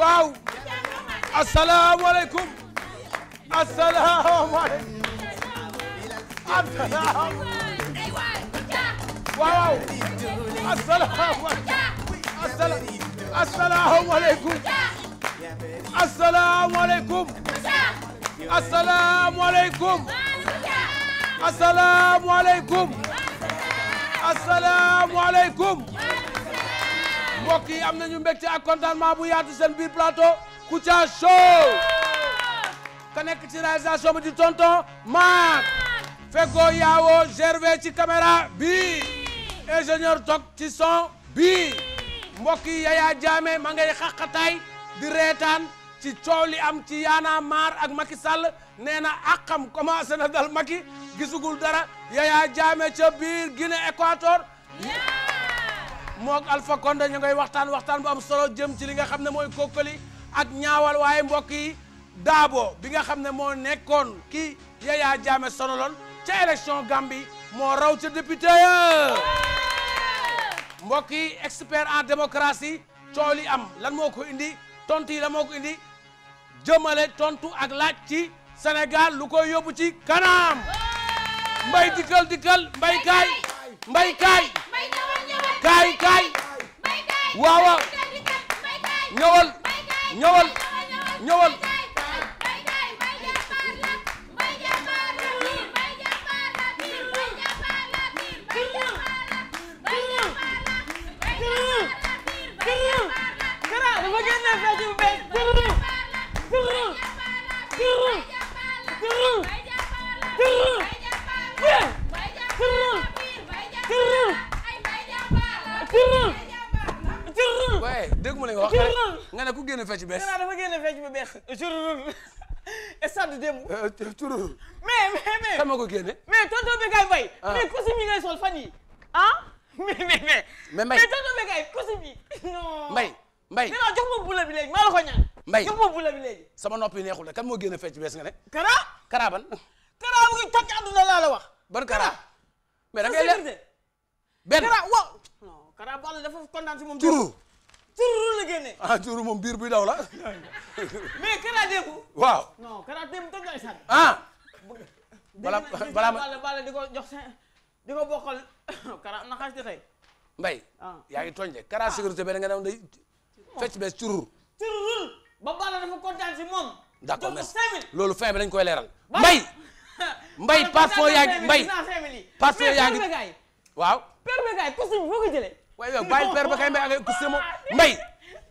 waaw asalaamaaleykum asalaamaaleykum waaw asalaamaaleykum asalaamaaleykum asalaamaaleykum asalaamaaleykum asalaamaaleykum mbokk am nañu mbégte ak contentement bu yaatu seen biir plateau Kouthia Show ka nekk ci réalisation bi di tonton Maak feggoo yaawoo gervais ci caméra bi ingénieur toog ci son bi mbokk yi Yaya ma ngay xaqataay di li am ci yaana maar ak Macky Sall nee na àqam commencé na dal Macky gisugul dara Yaya Jammeh ca biir Guinée Équateur moog Alpha Condé ñu ngay waxtaan waxtaan bu am solo jëm ci li nga xam ne mooy kokkali ak ñaawal waaye mbokk yi daabo bi nga xam ne moo nekkoon ki Yaya solo sonoloon ca élection Gambie moo raw ca député ya mbokk expert en démocratie coow li am lan moo ko indi tontu yi lan moo ko indi jëmale tontu ak laaj ci Sénégal lu koy yóbbu ci kanam mbay dikkal dikkal mbay kaay mbay kaay kaay kaay waaw waaw génn fecc bees. dafa génn fecc bu bees. sururu stade démb. sururu. Euh, euh, mais mais mais. kan ma ko génne. mais tonton Bécaye Mbaye. Ah. mais costume yi ngay sol fan yi ah mais mais mais. mais Mbaye mais tonton Bécaye costume yi. non Mbaye Mbaye. mais non jox ma bula bi léegi maa la ko ñaan. Mbaye sama noppi neexul de kan moo génn fecc bees nga ne. Kara. Kara ban. Kara mu ngi toj wax. ban Kara. mais da ngay leer benn Kara waaw. non Kara dafa kontaan si moom. turu. cururu la génne. ah cururu moom biir buy daw la. mais Kara Demba. waaw non Kara Demba toog na stade. ah. balaa balaa ma bala di ko jox sa di ko bokkal Kara am na xaalis de tey. Mbaye. Ah. yaa ngi tooñ de Kara ah. sécurité benn nga ne day fecc bees cururu. cururu ba bala dafa kontaan si moom. d'accord merci loolu fin bi dañ koy leeral. Mbaye. Mbaye parfois yaa ngi Mbaye. parfois yaa ngi waaw. permégaay costume waaye yow bàyyi père ba kay mbay ak costume mbay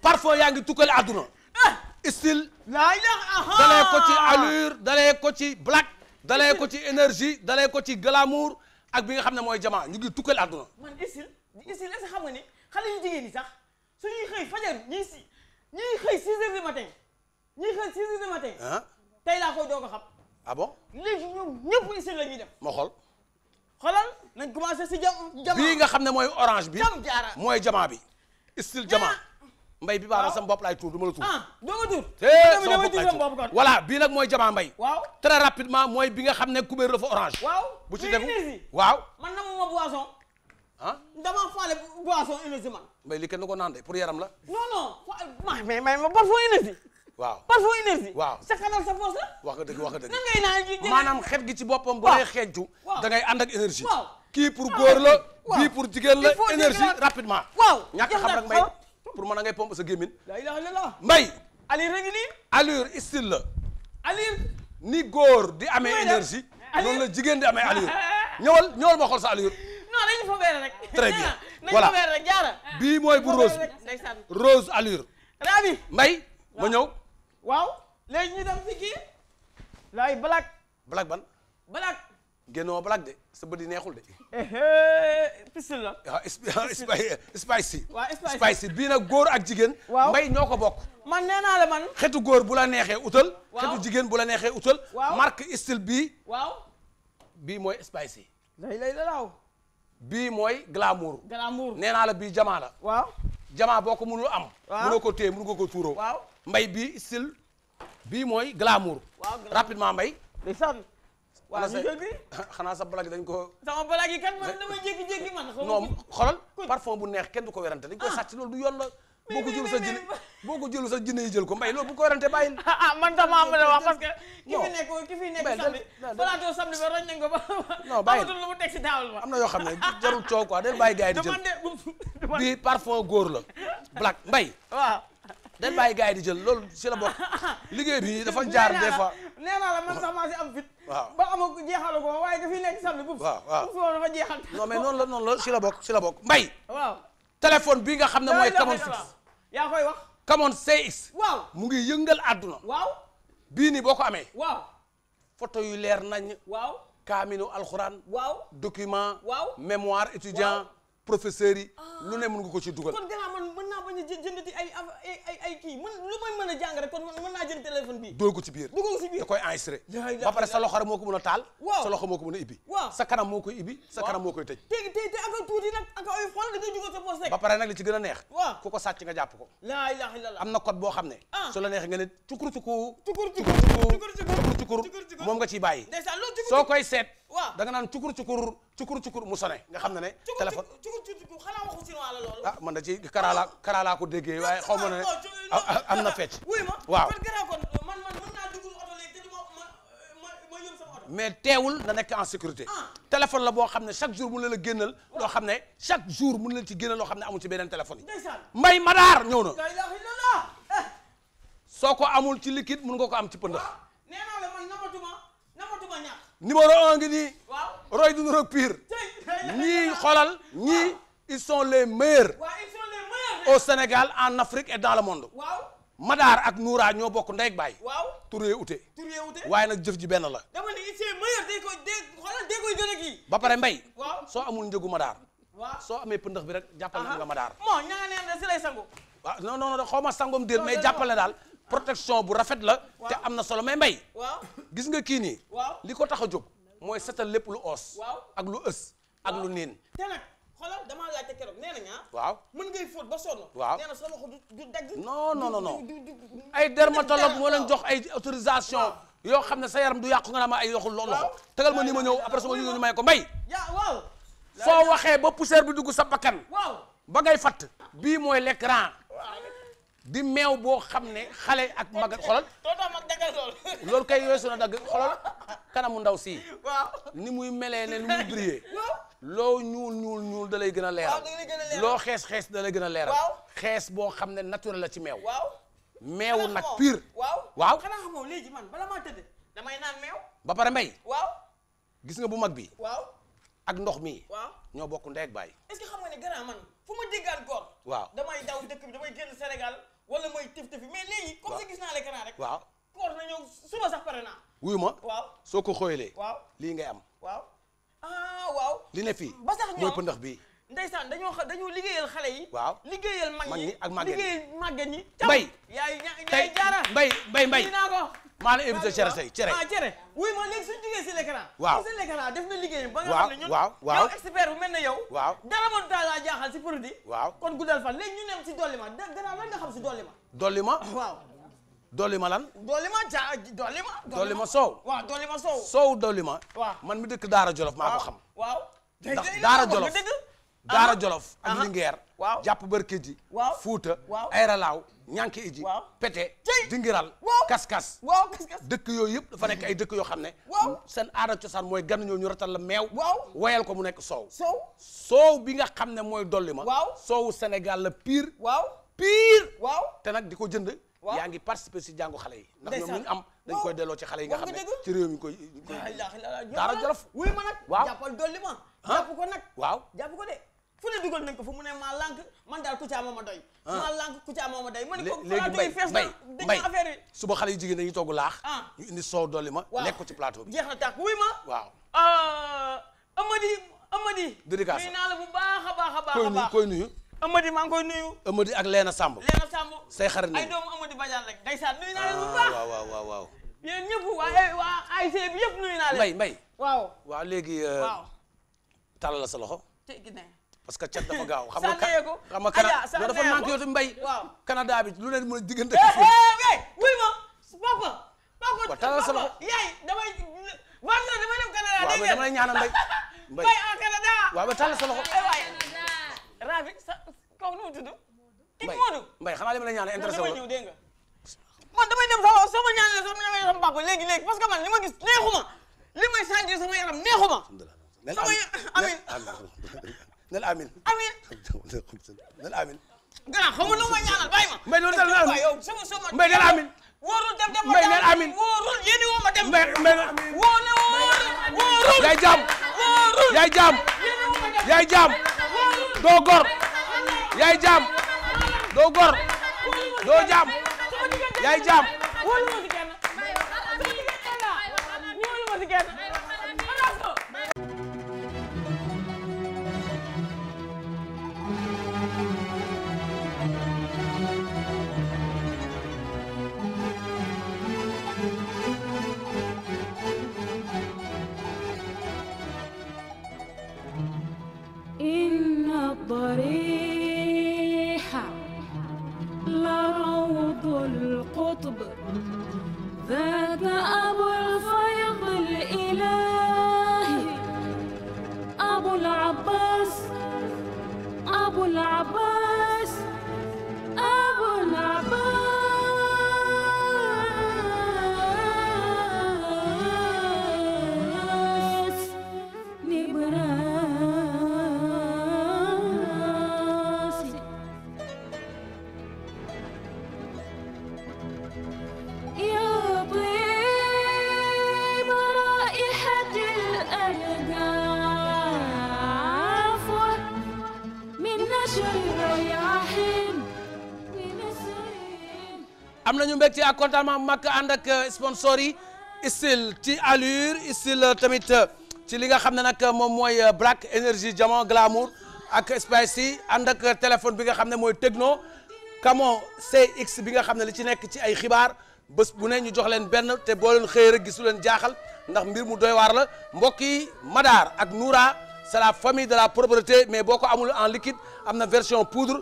parfois yaa ngi tukkal àdduna eh! style dalee ko ci allure dalee ko ci black dalee ko ci énergie dalee ko ci glamour ak bi nga xam ne mooy jamaa ñu ngi tukkal àdduna man style style est-ce si xam nga ni xale yu jigéen ñi sax suñuy xëy fajar ñuy si ñuy xëy six heures du matin ñuy xëy six heures du matin ah. tey laa doog a xam ah bon léegi ñoom ñëpp style la ñuy def ma xool xoolal nañ commencé si jam bii nga xam ne mooy orange bi jam jaara mooy jamaa bi style jamaa ah. mbay bi baax na sama bopp laay tuur du la tuur ah, doo ma tuur sama bopp laay tuur voilà bii nag mooy jamaa mbay waaw très mooy bi nga xam ne couvert dafa orange bu ci tegu waaw man na mooma boisson ah dama faale boisson énergie man mbay li kenn ko naan de pour yaram la non non mais mais ma boisson énergie waaau parfum énergie waaw sa xanal sa poos la wax nga dëgg wax nga naa maanaam xet gi ci boppam bu dee xeeñtu da ngay ànd ak énergie waaw kii pour góor la kii pour jigéen la énergie rapidement waaw ñàkk xam rek mbay pour mën a ngay pompe sa gémmin la ilaha illallah mbay allure rek nii allure style la allure ni góor di amee énergie noonu la jigéen di amee allure ñëwal ñëwal ma xool sa allure non dañu fa weer bii mooy bu rose rose allure rabi mbay ma ñëw waaw léegi ñu dem si kii laay black black ban black génnoo black de sa bët yi neexul de eh, pistil la ah, ah, spicy spicy bii nag góor ak jigéen waaw mbay ñoo ko bokk man nee naa la man xetu góor bu la neexee utal xetu jigéen bu la neexee utal marque style bii waaw bii mooy spicy lay lay la laaw bii mooy glamour glamour nee naa la bii jamaa la jamaa boo ko mënul am. waaw mënoo ko téye mënu ko ko tuuroo. waaw mbay bi style bii mooy glamour. waaw rapidement mbay. ndeysaan. waaw ñu jóg xanaa sa blague dañ ko. sama blague yi kan man dama jékki-jékki man. non xoolal parfum bu neex kenn du ko werante dañ koy ah. sàcc loolu du yoon la. boo ko jël sa jëli boo ko jëlu sax jinne yi jël ko mbay loolu bu ko warante bàyyil ah man dama am la wax parce que ki fi nekk ki fi nekk samedi ba roñ nañ ko ba non lu mu teg si ba am na yoo xam ne jarul coow quoi del bàyyi gars di la black mbay waaw del bàyyi di jël loolu si la bokk liggéey bi dafa jaar des fois nee naa la man sax maa si am fit waaw ba ama jeexalu ko waaye ki fi nekk samedi bu waaw waaw foofu dafa jeexal non mais noonu la noonu la si la bokk si la bokk mbay waaw téléphone bi nga xam ne mooy Camon Fix yaa koy wax kamoon CX. waaw mu ngi yëngal àdduna. waaw bii nii boo ko amee. waaw yu leer nañ. waaw kaaminu alxuraan. waaw document. waaw mémoire étudiant. professeurs yi. Ah. lu ne mën nga ko ci dugal. kon gannaaw man naa bañ a jëndati ay ay ay kii man lu may mën a jàng rek kon mën naa jënd téléphone bi. dugal ko ci biir dugal ko ci biir da koy enregistré. ba pare sa moo ko mën moo ko mën a ba pare nag li ci gën a neex. waaw ko ko sàcc nga jàpp ko. laa ilaaha illallaah am na code boo xam ne. Ah. su la neexee nga ne cukur cukur. cukur cukur cukur cukur cukur moom nga ciy bàyyi. ndeysaan loolu cukur soo koy seet waaw da naan cukur cukur cukur cukur mu sone nga xam ne ne téléphone cukur cukur xanaa waxu chinois ah man da ci karaalaa ko déggee waaye xaw ma ne am na fecc wuy ma man garaaw ma ma ma yëm teewul na nekk en sécurité ah. téléphone la boo xam ne chaque jour mun na la génnal loo xam ne chaque jour mun na la ci génnal loo xam ne amul ci beneen téléphone yi mbay madaar ñëw na eh. soo ko amul ci liquide mun nga ko am ci pëndax numéro un ngi nii. waaw roy duñu roog pire. ñii xoolal ñii ils les meilleurs. au Sénégal en Afrique et dans le monde. Madaar ak Noura ñoo bokk ndey baay. waaw tur yee ute. tur waaye nag jëf ji benn la. dama a kii. ba pare mbay. waaw soo amul njëgu Madaar. waaw soo amee pëndëx bi rek jàppale nga Madaar. bon ña nga ne si lay sangu. waaw non xaw ma sangom déet mais jàppale daal. protection bu rafet la. te am na solo mais mbay. waaw gis nga kii nii. waaw li ko tax a jóg mooy setal lépp lu oos. ak lu ës ak lu neen. te nag xoolal damaa laajte keroog nee ah, waaw mën ngay fóot ba sonn. waaw nee na sa loxo du dagg. non non non ay dermatologue moo leen jox ay autorisation. yoo xam ne sa yaram du yàqu nga naa ma ay yoxul loxo tegal ma nii ma ñëw après sama ñu ñu may ko mbay. waaw. soo waxee ba poussière bu dugg sa bakkan. waaw ba ngay fatt. bii mooy l'écran di meew boo xam ne xale ak mag xolal lool kay weesu na dagg xolal kanamu ndaw si ni muy melee ne lu muy briller loo ñuul ñuul ñuul da gën a leeral loo xees xees dalay gën a leeral xees boo xam ne naturel la ci meew meewu nag pire waaw xanaa xamoo léegi man bala maa tëdd damay naan meew ba pare mbay waaw gis nga bu mag bi waaw ak ndox mi waaw ñoo bokk ndeeg baay est-ce que xam nga man fu ma déggal góor waaw damay daw dëkk bi damay génn Sénégal wala mooy tif tifi mais léegi. si gis naa l'écran rek. waaw koor na ñëw na sax pare naa. wuyu ma waaw soo ko xoolee. waaw lii ngay am. waaw ah waaw. li ne fii. ba sax ñoom mooy bii. ndeysaan dañoo xa dañoo liggéeyal xale yi. waaw liggéeyal mag ñi ak màgget ñi liggéeyal màgget ñi. mbay yaay yaay jaara mbay mbay mbay. naa ko maa la invité cere tey cere. ah cere oui man léegi suñu jugee si l'écran. waaw si l'écran def na liggéeyam. ba nga xam ne ñun yow expert bu mel ne yow. waaw dara mënut a laa jaaxal si produit. waaw kon guddal fan léegi ñu nem si dolli ma gannaaw lan nga xam si dolli ma. dolli ma waaw. dolli ma lan. dolli ma ja dolli ma. dolli ma soow. waaw dolli ma soow. soow dolli ma. waaw man mi dëkk Daara Jolof maa ko xam. waaw ndax Daara Jolof Daara Jolof am Linguère waaw jàpp Barkédji waaw Fuuta waaw Ayralaaw ñànk iji waaw Pété Dingiral Kaskas waaw Kaskas dëkk yooyu yëpp dafa nekk ay dëkk yoo xam ne waaw seen aada cosaan mooy gan ñoo ñu ratal la meew waaw woyal ko mu nekk soow soow soow bi nga xam ne mooy dolli ma waaw soowu Sénégal la pire waaw pire waaw te nag di ko jënd yaa ngi participer si jàngu xale yi ndax ñoom lu ñu am dañ koy delloo ci xale yi nga xam ne ci réew mi koy daara Jolof wuy ma waaw ko nag waaw jàpp fu ne dugal ko fa mu ne maa lànk man daal Kouthia moo ma doy. Ah. maa lànk Kouthia moo ma doy. ma ne ko plateau yi fees na dañu affaire yi. suba xale yu jigéen dañuy togg laax. Ah. ñu indi soow dolli ma. waaw lekk ci plateau bi. jeex na waaw euh, Amady Amady. dédicace nuyu naa koy nuyu koy maa ngi koy nuyu. Amady ak Leena Samb. Leena Samb say xarit ay doomu Amady Badiane rek ndeysaan nuyu naa la bu ah, baax waaw waaw waaw waa eh, waa AIC bi yëpp nuyu mbay mbay waaw léegi. Euh, waaw tàllal la sa loxo. parce que cat dafa gaaw xam nga xam nga Canada dafa manqué yow tamit mbay Canada bi lu ne mën a diggante eh, eh, eh, wuy ma papa papa talal sa loxo yaay damay maa ngi damay dem Canada dégg mbay mbay en Canada waaw ba talal sa loxo waay rabi sa kaw nu mu tudd kii mbay xanaa li ma la ñaanal intéressé wu ñëw dégg nga man damay dem sama sama ñaanal sama ñaanal sama papa léegi léegi parce ma gis may amin nel amin nel amin gannaaw xaw ma lu ma ñaanal bàyyi ma. mbay loolu dana amin mbay dana amin. wóorul dem dem ma dem mbay dana amin. wóorul yéen i woo ma dem. mbay mbay dana amin. wóorul wóorul. yaay jaam. wóorul yaay jaam. yaay jaam. doo gor. yaay jaam. doo gor. doo jaam. yaay jaam. ضريحة لروض القطب am nañu mbégte ak contentement bu mag ànd ak euh, sponsor yi style ci allure style euh, tamit euh, ci li nga xam ne nag moom mooy black énergie diamant glamour ak Space yi ànd ak téléphone bi nga xam ne mooy Tecno Camon CX bi nga xam ne li ci nekk ci ay xibaar bés bu ne ñu jox leen benn te boo leen xëy rek gisu leen jaaxal ndax mbir mu doy waar la mbokk yi Madar ak Noura c'est la famille de la propreté mais boo ko amul en liquide am na version poudre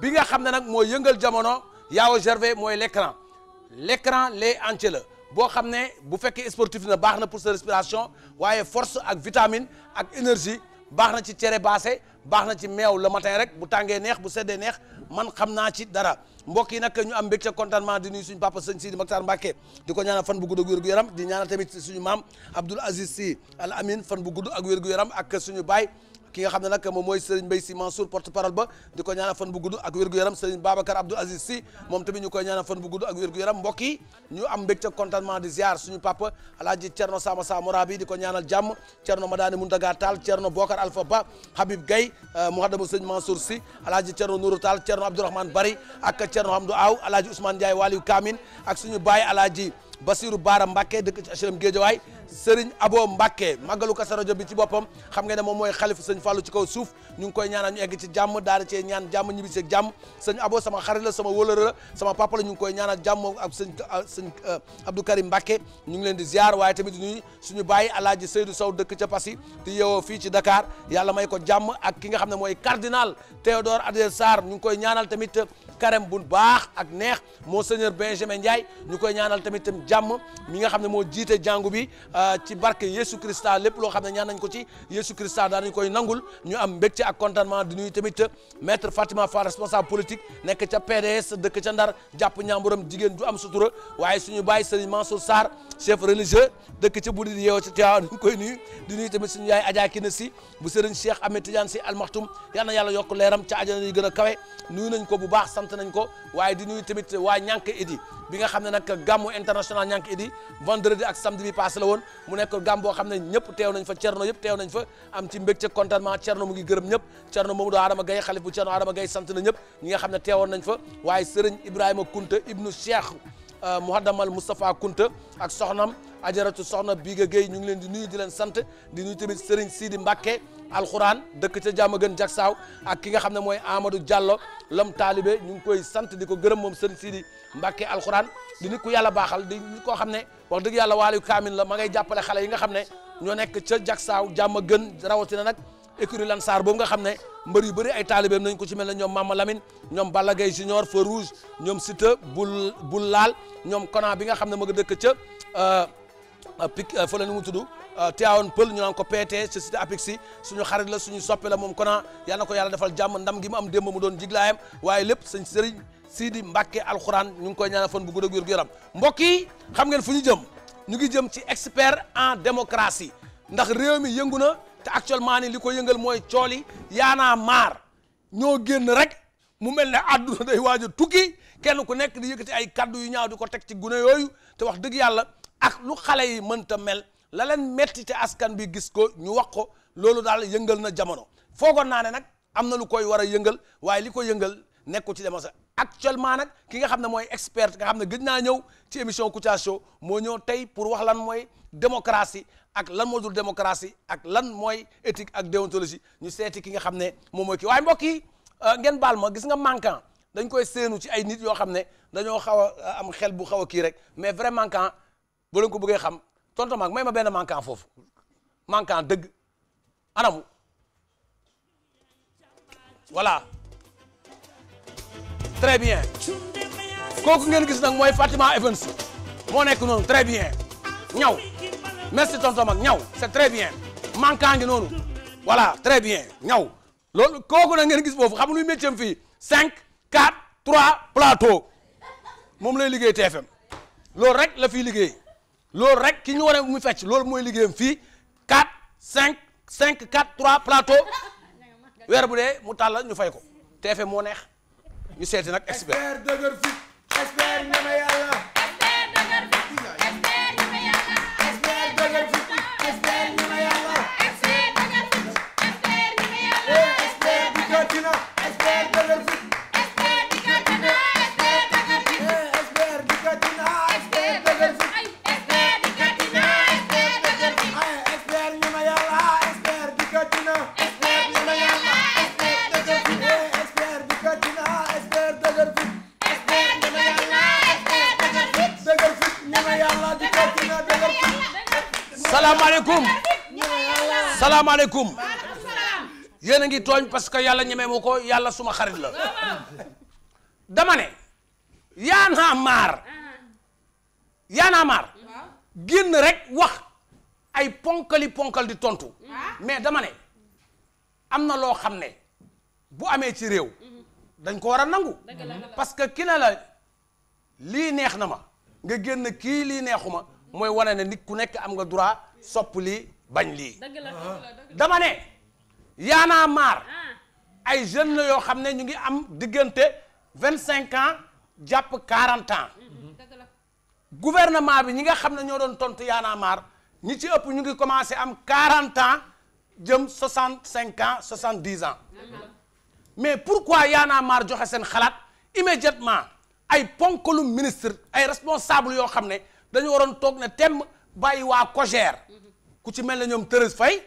bi nga xam ne nag moo yëngal jamono. yaa gervé mooy l'écran l'écran lait entier la boo xam ne bu fekkee sportif na baax na pour sa respiration waaye force ak vitamine ak énergie baax na ci cere baase baax na ci meew le matin rek bu tàngee neex bu seddee neex man xam naa ci dara mbokk yi nag ñu am mbégte contentement di nuyu suñu papa sëñ Sidi Makhtar Mbacké di ko ñaanal fan bu gudd ak wér gu yaram di ñaanal tamit suñu maam Abdoul Aziz Sy Al Amin fan bu gudd ak wér gu yaram ak suñu baay ki nga xam ne nag moom mooy Serigne Mbaye Sy Mansour porte parole ba di ko ñaanal fan bu gudd ak wér-gu-yaram Serigne Babacar Abdou Aziz Sy moom tamit ñu koy ñaanal fan bu gudd ak wér-gu-yaram mbokk yi ñu am mbégte contentement di ziar suñu papa alaaji Cerno Sama Samora di ko ñaanal jàmm Cerno Madani Muntaga Tall Cerno Bokar Alpha Ba Habib Gaye euh, Mouhadama Serigne Mansour Sy alaaji Cerno Nourou Tall Cerno Abdourahmane Bari ak Cerno Hamdou Aw alaaji Ousmane Ndiaye Waliou Kamin ak suñu baay alaaji Basiru Baara Mbacke dëkk ci HLM Guédiawaay Serigne Abo Mbacké màggalu Kazu Rajab bi ci boppam xam nga ne moom mooy xalifu sëñ Fallou ci kaw suuf ñu ngi koy ñaanal ñu egg ci jàmm daara cee ñaan jàmm ñibbi seeg jàmm sëñ Abo sama xarit sama wóolër la sama papa la ñu ngi koy ñaanal jàmm ak sëñ sëñ euh, Abdou Karim Mbacké ñu ngi leen di ziar waaye tamit ñuy suñu bàyyi alaaji Seydou Sow dëkk ca Passy di yeewoo fii ci Dakar yàlla may ko jàmm ak ki nga xam ne mooy cardinal Théodore Adrien Sarr ñu ngi koy ñaanal tamit carême bu baax ak neex monseigneur Benjamin Ndiaye ñu koy ñaanal tamit jàmm mi nga xam ne moo jiite jàngu bi Euh, ci barke Yesu Christa lépp loo xam ne ñaan nañ ko ci Yesu Christa daanañ koy nangul ñu am mbégte ak contentement di nuyu tamit euh, maître Fatima Fall responsable politique nekk ca PDS dëkk ca Ndar jàpp ñaamburam jigéen ju am sutura waaye suñu bàyyi sëriñ Mansour Sarr chef religieux dëkk ca budi di yeewo ca Tiwaawan ñu di nuyu tamit suñu yaay Adja Kine si bu sëriñ Cheikh Ahmed Tidiane si almaxtum yal na yàlla yokk leeram ca ajana yi gën a kawe nuyu nañ ko bu baax sant nañ ko waaye di nuyu tamit waa ñànk idi bi nga xam ne nag gàmmu international ñànk idi vendredi ak samedi bi woon mu nekk gàmm boo xam ne ñëpp teew nañ fa cerno yëpp teew nañ fa am ci mbégte contentement cerno mu ngi gërëm ñëpp cerno Mamadou Adama Gaye xalif bu cerno Adama Gaye sant na ñëpp ñi nga xam ne teewoon nañ fa waaye sëriñ Ibrahima Kunta ibnu Cheikh Euh, muhaddamal Moustapha Kunta ak soxnam ajaratu soxna Biga Gueye ñu ngi leen di nuyu di leen sant di nuyu tamit Serigne Sidi Mbacke alxuraan dëkk ca jàmm gën jagsaaw ak ki nga xam ne mooy Amadou Diallo lam taalibe ñu ngi koy sant di ko gërëm moom Serigne Sidi Mbacke alxuraan di nit ko yàlla baaxal di nit koo xam ne wax dëgg yàlla waaliyu kaamin la ma ngay jàppale xale yi nga xam ne ñoo nekk ca jagsaaw jàmm gën rawatina nag écurie Lansar boobu nga xam ne mbër yu bëri ay taalibeem nañ ko ci mel ne ñoom Mama Lamine ñoom Balla Gaye Junior Feu Rouge ñoom Siteu bul bul laal ñoom Kona bi nga xam ne ma nga dëkk ca euh, pic euh, fa la nu mu tudd euh, Tiawoon Pël ñu naan ko PT ci cité su ñu xarit la suñu soppee la moom Kona yal na ko yàlla defal jàmm ndam gi mu am démb mu doon jiglaayam waaye lépp si sëriñ Sidi Mbacke alxuraan ñu ngi koy ñaanal fan bu gudd ak wér gu yaram mbokk xam ngeen fu ñu jëm ñu ngi jëm ci expert en démocratie ndax réew mi yëngu na te actuellement ni li ko yëngal mooy cooli yi yaanaa maar ñoo génn rek mu mel ne àdduna day waaj a tukki kenn ku nekk di yëkkati ay kaddu yu ñaaw di ko teg ci gune yooyu te wax dëgg yàlla ak lu xale yi mënta mel la leen metti te askan bi gis ko ñu wax ko loolu daal yëngal na jamono foogoon naa ne nag am na lu koy war a yëngal waaye li ko yëngal nekku ci dema sa actuellement nag ki nga xam ne mooy expert nga xam ne gëj naa ñëw émission Kouthia moo ñëw tey pour wax lan mooy démocratie ak lan moo dul démocratie ak lan mooy éthique ak déontologie ñu seeti ki nga xam ne moom mooy kii waaye mbokk yi euh, ngeen baal ma gis nga manquant dañ koy seenu ci ay nit yoo xam ne dañoo xaw a euh, am xel bu xaw a kii rek mais vrai manquant boo leen ko bëggee xam tonton Mag may ma benn manquant foofu manquant dëgg anamu voilà très bien kooku ngeen gis nag mooy Fatima Evans moo nekk noonu très bien ñaw merci tonton mag ñaw c'est très bien manquant ngi noonu voilà très bien ñaw lool kooku na ngeen gis foofu xam luy métier am fii cinq quatre trois plateau moom lay liggéey TFM loolu rek la fiy liggéey loolu rek ki ñu ware a mu fecc loolu mooy liggéeyam fii quatre cinq cinq quatre trois plateau weer bu dee mu tàll ñu fay ko TFM moo neex ñu seeti nag expert salaamaaleykum salaamaaleykum yéen a ngi tooñ parce que yàlla ñeme wu ko yàlla suma xarit la dama ne yaa naa maar yaa naa maar génn rek wax ay ponkali ponkal di tontu mais dama ne am na loo xam ne bu amee ci réew dañ ko war a nangu parce que ki na la lii neex na ma nga génn kii lii neexuma mooy wane na nit ku nekk am nga droit sopp lii bañ lii dama ne yaanaa maar ah. ay jeunes la yoo xam ne ñu ngi am diggante vingt cinq ans jàpp quarante ans mm-hmm. Mm-hmm. gouvernement bi ñi nga xam ne ñoo doon tontu yaanaa maar ñi ci ëpp ñu ngi commencé am quarante ans jëm soixante cinq ans soixante dix ans mais pourquoi yaanaa maar joxe seen xalaat immédiatement ay ponkalu ministre ay responsable yoo xam ne dañu waroon toog ne temm bàyyi waa COJER ku ci mel ne ñoom Thérèse Faye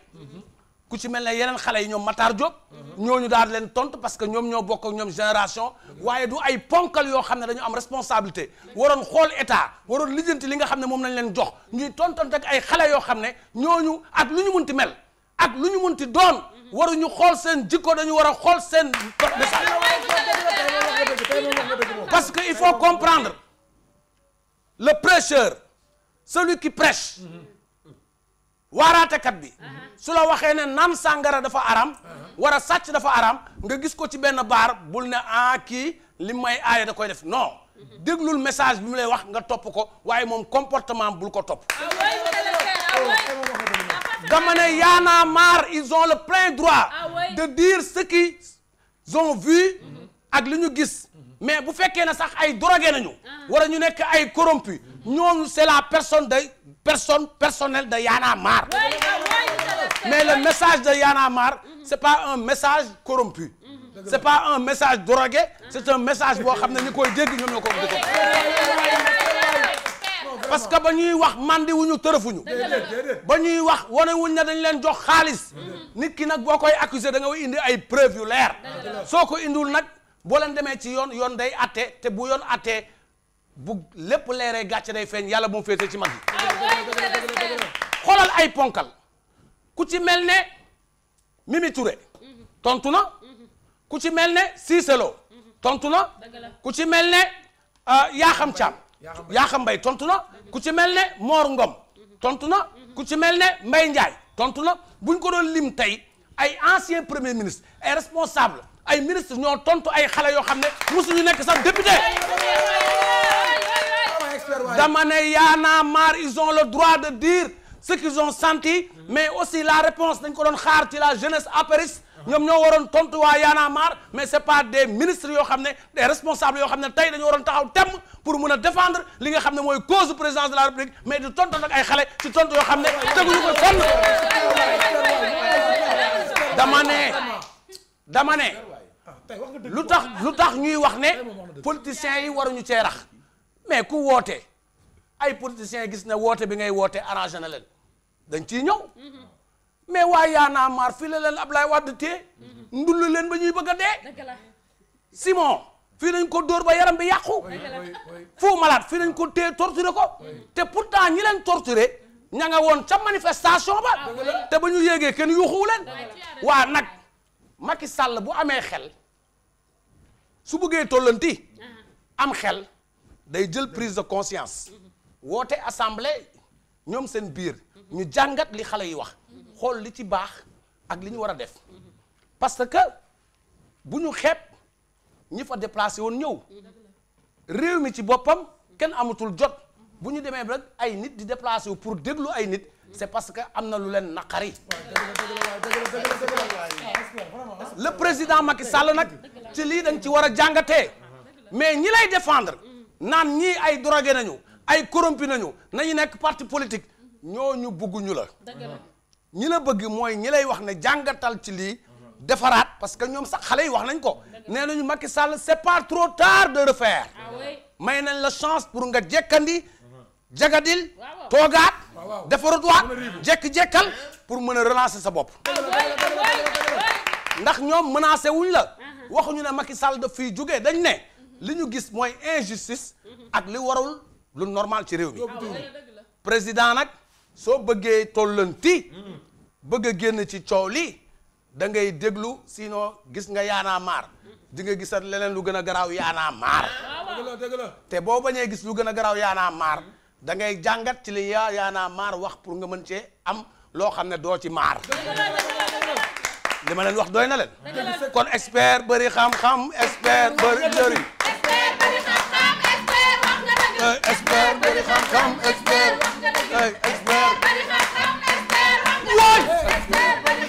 ku ci mel ne yeneen xale yi ñoom Matar Diop ñooñu daal leen tontu parce que ñoom ñoo bokk ak ñoom génération waaye du ay ponkal yoo xam ne dañu am responsabilité waroon xool état waroon lijjanti li nga xam ne moom lañ leen jox ñuy tontonte ak ay xale yoo xam ne ñoo ñu ak lu ñu munti mel ak lu ñu munti doon waruñu xool seen jikko dañu war a xool seen message parce que il faut comprendre le prêcheur celui qui prêche waaraatekat bi su la waxee ne naan sàngara dafa aram wara sàcc dafa aram nga gis ko ci benn baar bul ne ah kii li may aaya da koy def no déglul message bi mu lay wax nga topp ko waaye moom comportement bul ko topp ah dama ne Y'en a marre ils ont le plein droit de dire ce qu'ils ont vu ak li ñu gis mais bu fekkee ne sax ay drogué nañu wala ñu nekk ay corrompu ñoom c'est la personne de personne personnelle de Y'en a marre mais le message de Y'en a marre c'est pas un message corrompu c'est pas un message drogué c'est un message bo xam ne ñi koy dégg ñoom ñoo ko di ko parce que ba ñuy wax mandi wuñu tërëfuñu ba ñuy wax wane wuñ ne dañ leen jox xaalis mm-hmm. nit ki nag boo koy accusé danga nga indi ay preuve yu leer soo ko indiwul nag boo leen demee ci yoon yoon day atte te bu yoon attee bu lépp leeree gàcc day feeñ yàlla bu mu féetee ci mag yi xoolal ay ponkal ku ci mel ne Mimi Touré mm-hmm. tontu na mm-hmm. ku ci mel ne Cissé Lo tontu ku ci mel ne euh, Yakham Thiam yaa xam mbay tontu na ku ci mel ne Mor Ngom tontu na ku ci mel ne Mbay Ndiaye tontu bu buñ ko doon lim tey ay ancien premier ministre ay responsable ay ministre ñoo tontu ay xale yoo xam ne musuñu nekk sax député dama ne yaanaa maar ils ont le droit de dire ce qu'ils ont senti mais aussi la réponse dañ ko doon xaar ci la jeunesse apériste ñoom ñoo waroon tontu waa yaana maar mais c'est pas des ministres yoo xam ne des responsables yoo xam ne tey dañoo waroon taxaw temm pour mun a défendre li nga xam ne mooy cause présidence de la république mais di tontu nag ay xale ci tontu yoo xam ne teguñu ko fenn dama ne dama ne lu tax lu tax ñuy wax ne politiciens yi waruñu cee rax mais ku woote ay politiciens gis ne woote bi ngay woote arrangé na leen dañ ciy ñëw mais waaye yaanaa maar fi la leen ab Ablaye Wade tee ndullu leen ba ñuy bëgg a dee Simon fii lañ ko dóor ba yaram bi yàqu Fou malaat fii nañ ko tee torturé ko te pourtant ñi leen torturé ña nga woon ca manifestation ba ah, te ba ñu yéegee kenn yuuxuwu leen waa nag Macky sàll bu amee xel su bëggee tollanti ah. am xel day jël prise de conscience mm-hmm. woote assemblée ñoom seen biir ñu jàngat li xale yi wax xool li ci baax ak li ñu war a def parce que bu ñu xeeb ñi fa déplacé woon ñëw réew mi ci boppam kenn amatul jot bu ñu demee ba ay nit di déplacé wu pour déglu ay nit c'est parce que am na lu leen naqari le président Macky nag ci lii dañ ci war a jàngatee mais ñi lay défendre naan ñi ay drogué nañu ay corrompu nañu nañu nekk parti politique ñu bugguñu la ñi la bëgg mooy ñi lay wax ne jàngatal ci lii defaraat parce que ñoom sax xale yi wax nañ ko nee nañu Macky Sall c'est pas trop tard de refaire ah may nañ la chance pour nga jekkandi jagadil ah toogaat defarutuwaat jekk-jekkal pour mën a relancer sa bopp ah ndax ñoom menacé wuñ la uh-huh. waxuñu ne Macky Sall daf fiy jógee dañ ne uh-huh. li ñu gis mooy injustice uh-huh. ak li warul lu normal ci réew mi président nag soo bëggee tollanti bëgg génn ci coow li dangay déglu sino gis nga yaanaa maar di nga gisat leneen lu gën a garaaw yaanaa maar te boo bañee gis lu gën a garaaw yaanaa maar da ngay jàngat ci li yaa yaanaa maar wax pour nga mën cee am loo xam ne doo ci maar li ma leen wax doy na leen kon expert bëri xam-xam expert bëri xam-xam expert wax na dëgg expert bëri xam-xam expert Expert. Expert. Expert.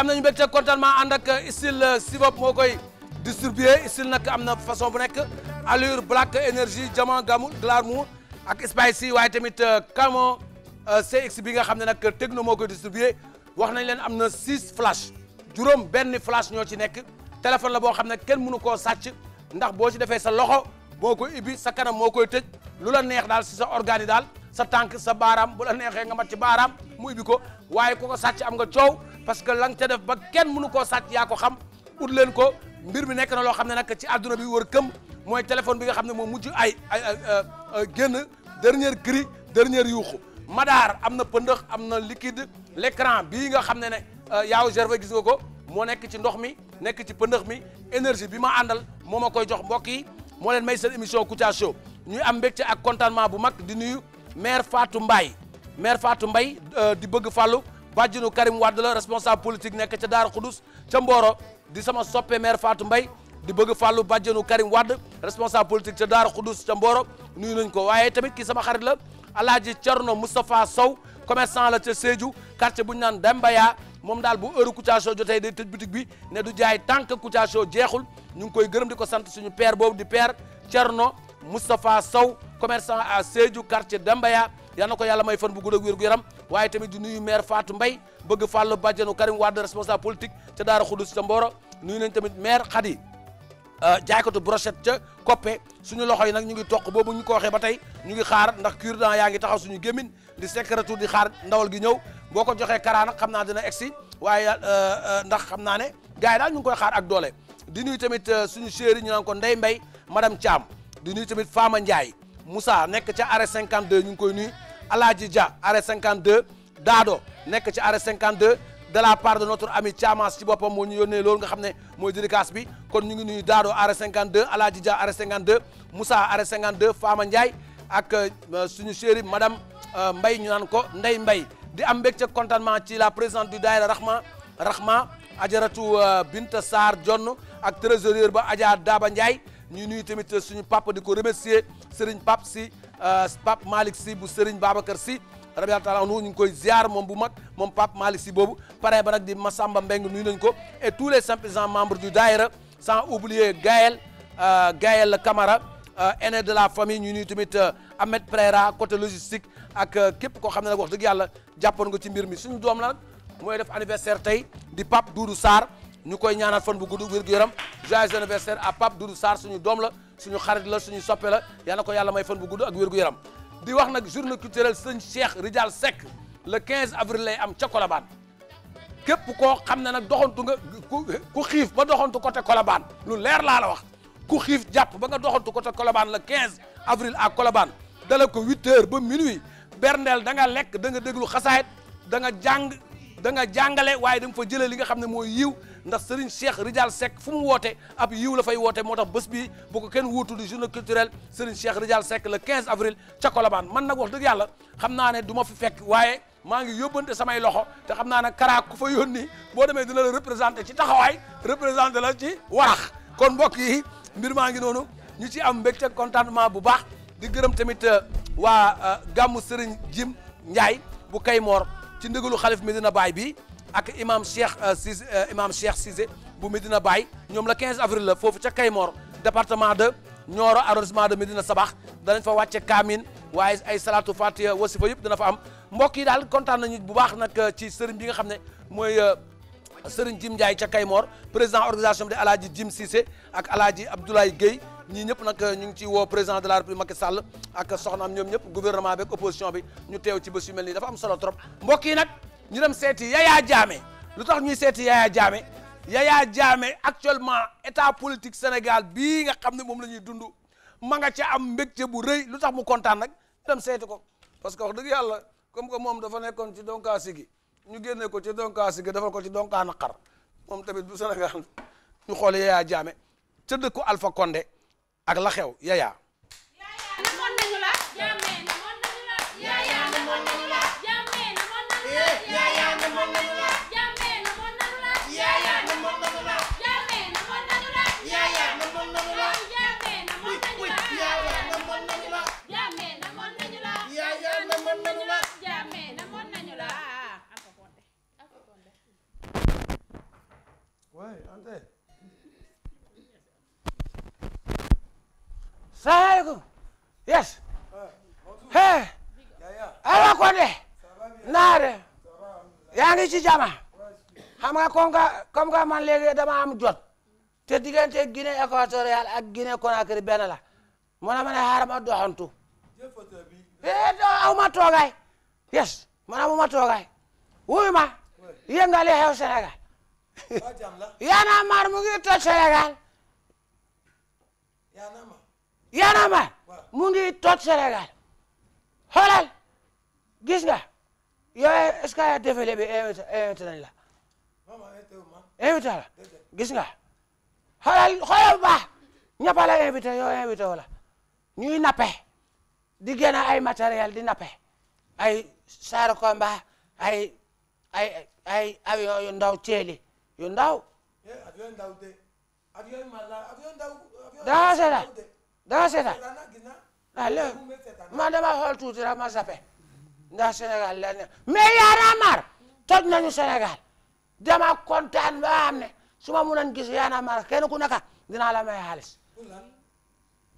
am nañu mbégte contentement ànd ak style sivop moo koy distribué style nag am na façon bu nekk allure black énergie diamant gamu glamour ak spicy waaye tamit euh, camon euh, CX bi nga xam ne nag techno moo koy distribué wax nañ leen am na 6 flash juróom benn flash ñoo ci nekk téléphone la boo xam ne kenn mënu koo sàcc ndax boo ci defee sa loxo boo ko ibbi sa kanam moo koy tëj lu la neex daal si sa organe yi daal sa tànk sa baaraam bu la neexee nga mat ci baaraam mu ibbi ko waaye ku ko sàcc am nga coow parce que la nga def ba kenn munu koo sàcc yaa ko xam ut leen ko mbir mi nekk na loo xam ne nag ci àdduna bi wër këm mooy téléphone bi nga xam ne moo mujj ay ay euh, euh, génn dernier cri dernier yuuxu madaar am na pëndëx am na liquide l'écran bii nga xam ne ne euh, yaaw gervais gis nga ko moo nekk ci ndox mi nekk ci pëndëx mi énergie bi ma àndal moo ma koy jox mbokk yi moo leen may seen émission Kouthia Show ñuy am mbégte ak contentement bu mag di nuy maire Fatou Mbaye maire Fatou Mbaye di bëgg fàllu bàjjinu Karim Wade la responsable politique nekk ca Daara Khoudous ca Mboro di sama soppe maire Fatou Mbaye di bëgg fàllu bàjjenu Karim Wade responsable politique ca daar Khoudous ca Mboro nuyu nañ ko waaye tamit kii sama xarit la alaaji Cerno Moustapha Sow commerçant la ca Sédhiou quartier bu ñu naan Dembaya moom daal bu heure Kouthia Show jotee day tëj bi ne du jaay que Kouthia jeexul ñu ngi koy gërëm di sant suñu père boobu di père Cerno Sow commerçant à Sédhiou quartier Dembaya yal ko yàlla may fan bu gudd ak wér gu yaram waaye tamit di nuyu maire Fatou Mbaye bëgg fàllu bàjjanu Karim Wade responsable politique ca Daara Xudus ca Mboro nuyu nañ tamit maire Khady euh, jaaykatu brochette ca Koppe suñu loxo yi nag ñu ngi toq boobu ñu ko waxee ba tey ñu ngi xaar ndax cure dent yaa ngi taxaw suñu gémmin di secrétaire di xaar ndawal gi ñëw boo ko joxee karaa xam naa dina egsi waaye euh, euh, ndax xam naa ne gars yi ñu ngi koy xaar ak doole di nuyu tamit suñu chéri ñu naan ko Ndey Mbay madame Thiam di nuyu tamit Fama Ndiaye Moussa nekk ca arrêt 52 ñu ngi koy nuyu Alaaji Dia arrêt 52 Daado nekk ci arrêt 52 de la part de notre ami Thiamas ci boppam moo ñu yónnee loolu nga xam ne mooy dédicace bi kon ñu ngi nuyu Daado arrêt 52 Alaaji Dia arrêt 52 Moussa arrêt 52 Fama Ndiaye ak euh, suñu chérie madame euh, mbay ñu naan ko Ndey mbay di am ca contentement ci la présidente du daayira Rahma Rahma Ajaratu euh, Binta Sarr Jonn ak trésorier ba Adja Ndiaye ñu nuyu tamit suñu papa di Serigne Pape si euh, Pape Malick si bu baaba Babacar si rabiàlla taala anu ñu ngi koy ziar moom bu mat moom Pape Malick si boobu pare ba nag di Massamba Mbeng nuyu nañ ko et tous les sympathisants membres du daayira sans oublier Gaël euh, Gaël Camara euh, aîné de la famille ñu nuyu tamit Ahmed Prera côté logistique ak képp koo xam ne nag wax dëgg yàlla jàppoon ci mbir mi suñu doom la nag mooy def anniversaire tey di pap Doudou Sarr ñu koy ñaanal fan bu gudd wér gu yaram joyeux à Pape Doudou Sarr suñu doom la suñu xarit la suñu soppe la yana ko yàlla may fan bu gudd ak wér yaram di wax nag journée culturelle sëñ Cheikh Rijal Seck le quinze avril lay am ca Colobane képp ko xam ne nag doxantu nga ku xiif ba doxantu côté Colobane lu leer laa la wax ku xiif jàpp ba nga doxantu côté Colobane le 15 avril a Colobane dala ko 8 heures ba minuit berndeel da nga lekk danga nga déglu xasaayit da nga jàng da nga jàngale waaye da nga fa jëlee li nga xam ne mooy yiw ndax Serigne Cheikh Ridial Seck fu mu woote ab yiw la fay woote moo tax bés bi bu ko kenn wuutu di journée culturelle Serigne Cheikh Ridial Seck le 15 avril ca Colobane man nag wax dëgg yàlla xam naa ne du ma fekk waaye maa ngi yóbbante samay loxo te xam naa ne Kara ku fa yónni boo demee dina la représenté ci taxawaay représenté la ci warax kon mbokk yi mbir maa ngi noonu ñu ci am mbégte contentement bu baax di gërëm tamit euh, waa euh, gàmmu Serigne Jim Ndiaye bu Kaymoor ci ndigalu xalif Medina Baay bi ak imam Cheikh euh, Cissé euh, imam Cheikh Cissé bu Medina Baye ñoom la 15 avril la foofu ca kaymoor département de Nioro arrondissement de Medina Sabax danañ fa wàcce Kaamin waaye ay salaatu fatiha wasifa yëpp dana fa am mbokk yi daal kontaan nañu bu baax nag euh, ci sëriñ bi nga xam ne mooy sëriñ Jim Ndiaye ca kaymoor président organisation bi de alaaji Jim Cissé ak alaaji Abdoulaye Guèye ñii ñëpp nag ñu ngi ci woo président de la république Macky Sall ak soxnaam ñoom ñëpp gouvernement bi ak opposition bi ñu teew ci bés yu mel nii dafa am solo trop mbokk yi nag ñu dem seeti Yaya Jammeh lu tax ñuy seeti Yaya Jammeh Yaya Jammeh actuellement état politique Sénégal bii nga xam ne moom la ñuy dund ma nga ca am mbégte bu rëy lu tax mu kontaan nag ñu dem seeti ko parce que wax dëgg yàlla comme que moom dafa nekkoon ci donkaa sigi ñu génne ko ci donkaa sigi dafa ko ci donkaa naqar moom tamit du Sénégal ñu xool Yaya Jammeh ca dëkku Alpha Condé ak la xew Yaya Ouais, André. yes. hey. Awa Konde. naa yaa ngi ci jàmm. xam nga comme que comme man léegi dama am jot. te diggante Guinée équatoriale ak Guinée Conakry benn la. mu ne ma ne xaaral ma doxantu. eh aw ma toogaay. yes. mu ne ma ma toogaay. wuyu ma. yëngali xew Sénégal. Y'en a marre mu ngi toj Sénégal Y'en a gis nga yow est-ce que défilé bi la invité la nga xoolal xoolal bu baax ñëpp a la invité wala ñuy nappe di génn ay matériel di nappe ay saar combat ay ay ay avion yu ndaw ceeli yu ndaw danga seetaan danga seetaan ah léegi man dama xool tuuti rek a marre toj dama kontaan ba xam ne su ma munoon gis Y'en a marre ku nekk dinaa la may xaalis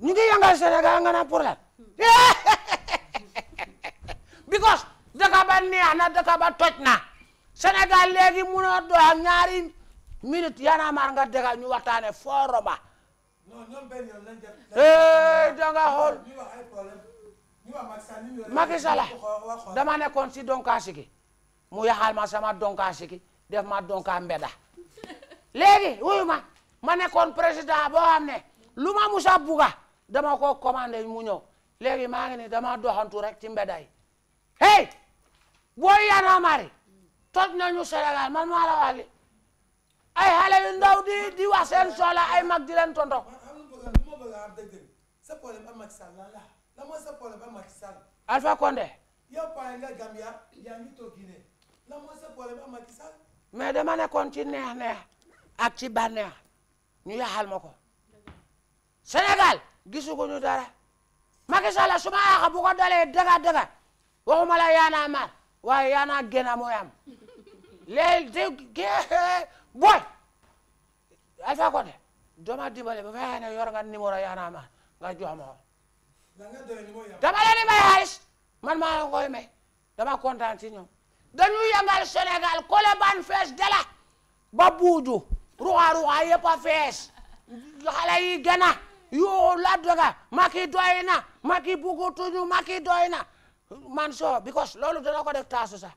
ñu ngi yëngal Sénégal nga naan pour because dëkk ba neex na dëkk ba toj na. Sénégal léegi munoo dox ñaari minute Y'en a nga dégg ñu waxtaane forum ba. non ñoom benn yoon lañ def. Eh, dama nekkoon si donkaasi gi mu yaxal ma sama donkaasi gi def ma donka mbeda léegi wuyu ma ma nekkoon président boo xam ne lu ma musa buga dama ko commandé mu ñëw léegi maa ngi ni dama doxantu rek ci mbeda yi hey booy Y'en a toj nañu Sénégal man maa la wax li ay xale yu di di wax seen ay mag di leen tonto. sa problème ak Macky Sall la la mooy sa problème ak Macky ak Macky Sall. mais dama nekkoon ci neex-neex ak ci ñu yaxal ma ko Sénégal gisuguñu dara Macky Sall su ma yàq la yaa naa waaye yaa naa génn léegi te kee boy Alpha Condé dama dimbale ba fay ne yor nga numéro yaa naa nga jox ko dama leen di may xaalis man maa ngi koy may dama kontaan ci ñoom dañu yëngal Sénégal Colobane fees dala ba buuju ruxa ruxa yëpp a fees xale yi gën a la doga maki doy na maki bugutuñu maki doy man so because loolu dana ko def taasu sax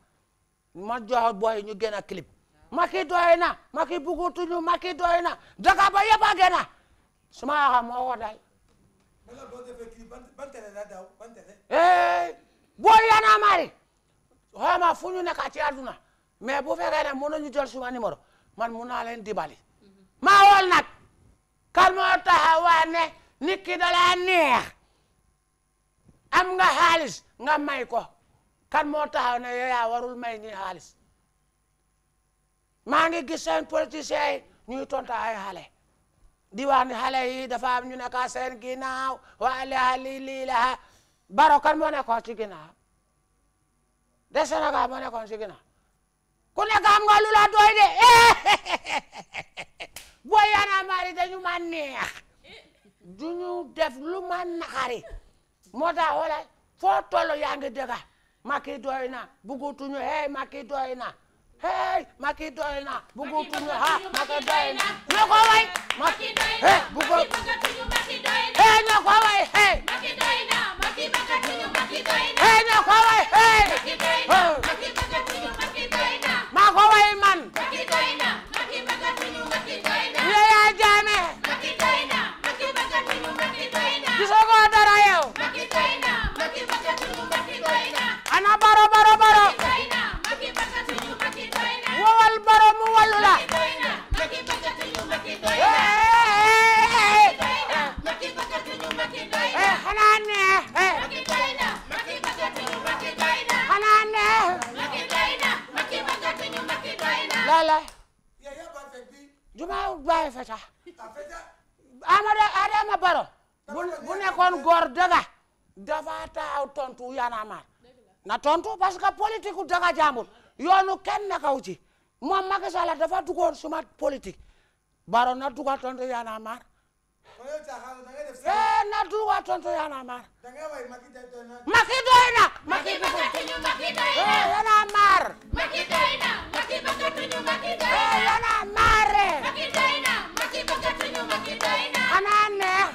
ma jox boy ñu génn clip Macky doy na Macky bëggatuñu Macky doy na daga ba yëpp a génn su ma yaakaar moo ko day. Eh, boo yana mari xaw ma fu ñu nekk ci àdduna mais bu fekkee ne mën nañu jël suma numéro man mun naa leen dibali. ma wol nag kan moo taxawaa ne nit ki da laa am nga xaalis nga may ko. kan moo taxaw ne yooyaa warul may ñi xaalis maa ngi gis seen politiciens yi ñuy tonta ay xale di wax ni yi dafa am ñu nekk seen ginnaaw waale lii lii la baro kan moo nekkoon ci ginnaaw de Sénégal moo nekkoon ci ginnaaw ku nekk am nga lu la doy de boo yaana mari dañu ma neex du ñu def lu ma naxari moo tax wala foo tollu yaa ngi Macky doy na bugutuñu hey Macky doy na hey Macky doy na bugutuñu ha Macky doy na ñoo ko way Macky doy na bugutuñu Macky doy na hey man Macky doy na Macky bugutuñu ana baro baro baro wowal baro mu wallu la xanaa ne xanaa ne lala juma baay feta Amadu Adama Baro bu nekkoon góor dëgg dafa taaw tontu yanamar na tontu parce que politique u daga jàmbur yoonu kenn nekaw ci moom dafa duggoon suma politique baro na dugal tontu Y'en a eh, na dugal ee na Macky bëggatuñu Macky na ee Y'en a marre Macky doy na eh, eh, ana neex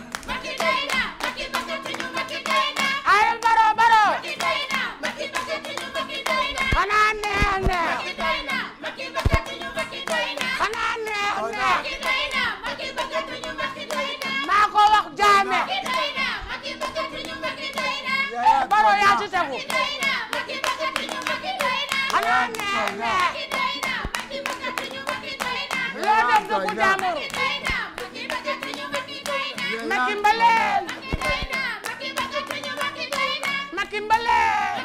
xanaa neex na Macky doy na Macky bëggatuñu Macky doy na maa loo def du ku jaamur Macky bëggatuñu Macky doy na Macky mbaleen Macky doy na Macky bëggatuñu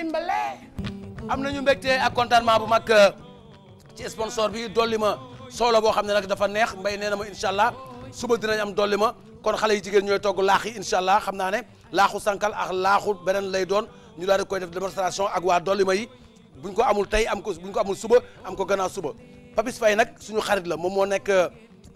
Pikine ba lee am nañu mbégte ak contentement bu mag euh, ci sponsor bi dolli ma solo boo xam ne nag dafa neex mbay nee na ma incha allah suba dinañ am dolli ma kon xale yi jigéen ñooy togg laax yi incha allah xam naa ne laaxu sànkal ak laaxu beneen lay doon ñu daal koy def démonstration ak waa dolli ma yi buñ ko amul tey am ko buñ ko amul suba am ko gannaaw suba Papis Faye nag suñu xarit la moom moo nekk euh,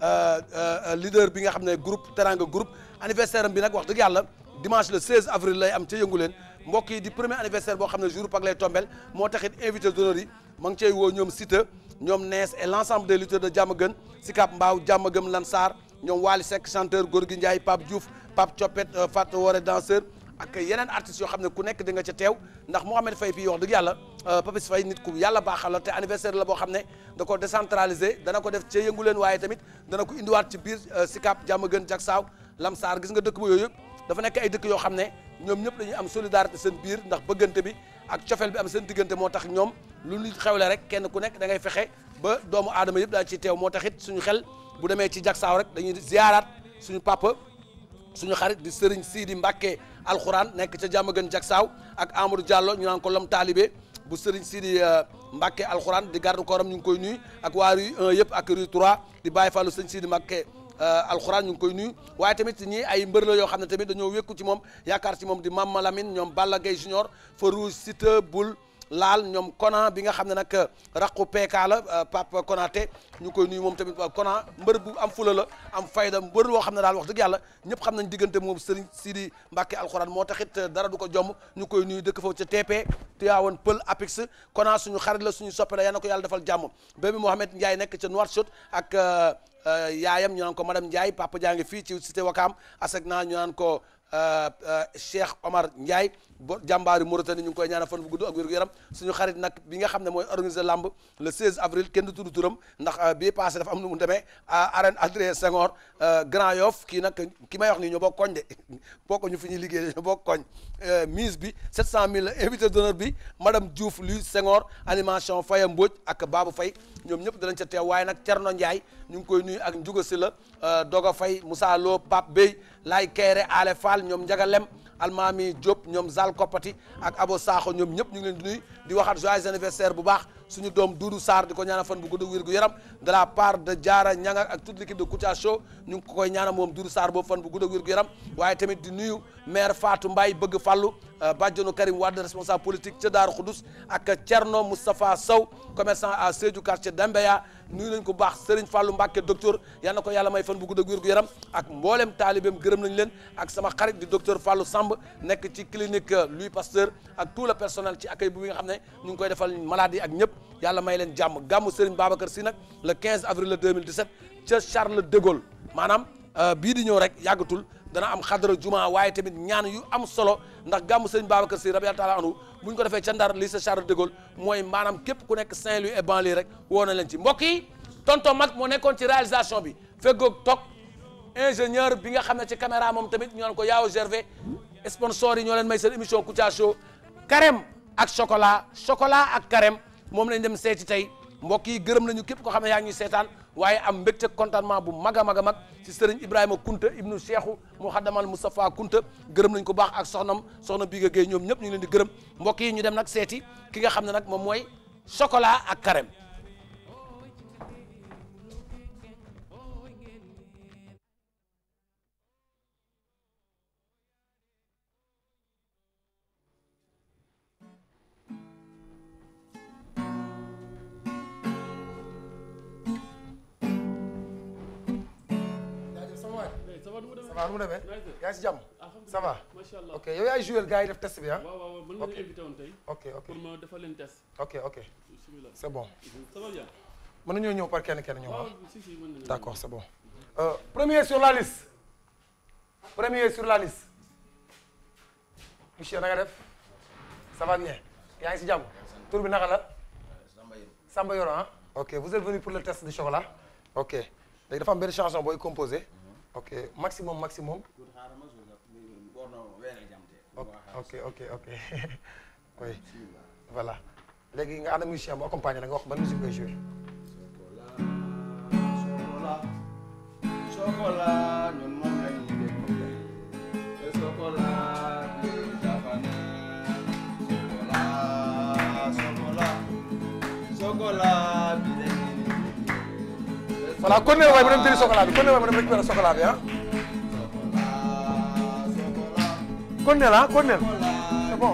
euh, leader bi nga xam ne group Teranga group anniversaire am bi nag wax dëgg yàlla dimanche le 16 avril lay am ca leen mbokk yi di premier anniversaire boo xam ne jour Pâques lay tombel moo taxit invité d'honneur yi ma ngi cey woo ñoom Siteu ñoom Nees et l'ensemble des lutteurs de Diamaguène Sicap Mbao Diamaguène Lansar ñoom Waly Seck chanteur Gorgui Ndiaye Pape Diouf Pape Thiopet euh, Fatou Woré danseur ak yeneen artistes yoo xam ne ku nekk di nga ca teew ndax Mohamed Faye fii wax dëgg yàlla euh, Papis Faye nit ku yàlla baaxal la te anniversaire la boo xam ne da ko décentralisé dana ko def ca yëngu leen waaye tamit dana ko indiwaat ci biir euh, Sicap Diamaguène Diacksao Lamsar gis nga dëkk ba yooyu dafa nekk ay dëkk yoo xam ne ñoom ñëpp dañuy am solidarité seen biir ndax bëggante bi ak cofeel bi am seen diggante moo tax ñoom lu ñu xewle rek kenn ku nekk da ngay fexe ba doomu aadama yëpp daa ci teew moo tax it suñu xel bu demee ci jagsaaw rek dañuy ziyaaraat suñu papa suñu xarit di Serigne siidi Mbacke alxuraan nekk ca jàmm gën jagsaaw ak amaru Diallo ñu naan ko Lom Talibé bu Serigne Sidi euh, Mbacke alxuraan di garde kooram ñu ngi koy nuyu ak waa rue 1 yëpp ak rue di bàyyi falo Serigne Sidi Mbacke. Euh, alxuraan ñu ngi koy nuyu waaye tamit ñii ay mbër yoo xam ne tamit dañoo wékku ci moom yaakaar ci moom di Mama Lamine ñoom Balla Gaye Junior Farouz Siteu Boul laal ñoom Kona bi nga xam ne nag euh, raqu PK la euh, Pape Konaté ñu koy nuyu moom tamit Kona mbër bu am fula la am fayda mbër woo xam ne daal wax dëgg yàlla ñëpp xam nañ diggante moom Serigne Sidi Mbacke alxuraan moo taxit dara du ko jomb ñu koy nuyu dëkk foofu ca TP Tivaouane Peul Apix Kona suñu xarit la suñu soppe la ko yàlla defal jàmm Bébé Mohamed Ndiaye nekk ca ak Euh, yaayam ñu naan ko madame Ndiaye papa jaa ngi fii ci a Wakaam aseg naa ñu naan ko euh, euh, Cheikh Omar Ndiaye bo jàmbaari Mauritanie ñu ngi koy ñaanal fan bu gudd ak wér gu yaram suñu xarit nag bi nga xam ne mooy organiser lamb le 16 avril kenn du tudd turam ndax euh, bii passé am nu mu demee arène Adrien Senghor euh, Grand Yoff kii nag ki may wax ni ñoo bokk koñ de bokk ñu fi ñuy liggéey ñoo bokk koñ euh, mise bi 700000 invité d'honneur bi madame Diouf Louis Senghor animation Faye Mbodj ak Babou Faye ñoom ñëpp danañ ca teew waaye nag Thierno Ndiaye ñu ngi koy nuyu ak Ndiouga Sylla Doga Faye Moussa Lo Pape Bey Laye Kéré Ale Fall ñoom Ndiaga Lem almaami Diop ñoom Zal Koppati ak Abo Sakho ñoom ñëpp ñu ngi di nuyu di waxaat joyeux anniversaire bu baax suñu doom Doudou saar di ko ñaanal fan bu gudd wér gu yaram de la part de Diarra Nianga ak toute l'équipe de Kouthia Show ñu ngi ko koy ñaanal moom Doudou Sarr boobu fan bu gudd wér gu yaram waaye tamit di nuyu maire faatu Mbaye bëgg fàllu euh, bàjjonu Karim Wade responsable politique ca Daaru Xudus ak Thierno Moustapha Sow commerçant à Sédhiou quartier Dambeya nuyu nañ ko baax Serigne Fallou Mbacke docteur yal ko yàlla may fan bu gudd ak wér gu yaram ak mboolem taalibeem gërëm nañ leen ak sama xarit di docteur Fallou Samb nekk ci clinique euh, Louis Pasteur ak tout le personnel ci accueil bu nga xam ne ñu ngi koy defal malade ak ñëpp yàlla may leen jàmm gàmmu Serigne Babacar Sy nag le 15 avril mil 2017 ca Charles de Gaulle maanaam euh, bii di ñëw rek yàggatul dana am xadara juma waaye tamit ñaan yu am solo ndax gàmmu sëriñ Babacar Sy rabi taala anhu bu ñu ko defee ca Ndar lycée Charles de mooy maanam képp ku nekk Saint-Louis et banlieue rek woo na leen ci mbokk yi tonton mag moo nekkoon ci réalisation bi feggoog toog ingénieur bi nga xam ne ci caméra moom tamit ñu naan ko yaaw Gervais sponsor yi ñoo leen may seen émission Kouthia Show carême ak chocolat chocolat ak carême moom lañ dem seeti tey mbokk yi gërëm nañu képp koo xam ne yaa ngi ñuy waaye am mbégte contentement bu mag a mag a mag si sëriñ Ibrahima Kunta ibnu Cheikhu Muhaddamal Moustapha Kunta gërëm nañ ko baax ak soxnam soxna Biga Gueye ñoom ñëpp ñu ngi leen di gërëm mbokk yi ñu dem nag seeti ki nga xam ne nag moom mooy chocolat ak carême waaw nu mu demee. yaa ngi si jàmm. ça va macha allah ok yow yaay yi def test bi ah. waaw waaw mën nañu invité woon tey. ok ok pour ma defal leen test. bon. ça va bien. mën ñëw par kenn kenn ñëw waaw ah? si si mën nañu d'accord c'est bon. Euh, premier sur la premier sur la liste. monsieur na nga def. ça va bien. yaa ngi si bi naka la. Samba Yoro ah. ok vous êtes pour le test du chocolat. ok léegi dafa benn chanson booy composé. ok maximum maximum. ok ok ok oui voilà léegi nga ànd ak musicien bu accompagné la nga wax ban musique ngay joué. Sokola Sokola Sokola Sokola Sokola. voilà kon ne waay ba dem jëli chocolat bi kon ne waay ba dem récupérer chocolat bi ah. kon ne la kon ne c'est bon.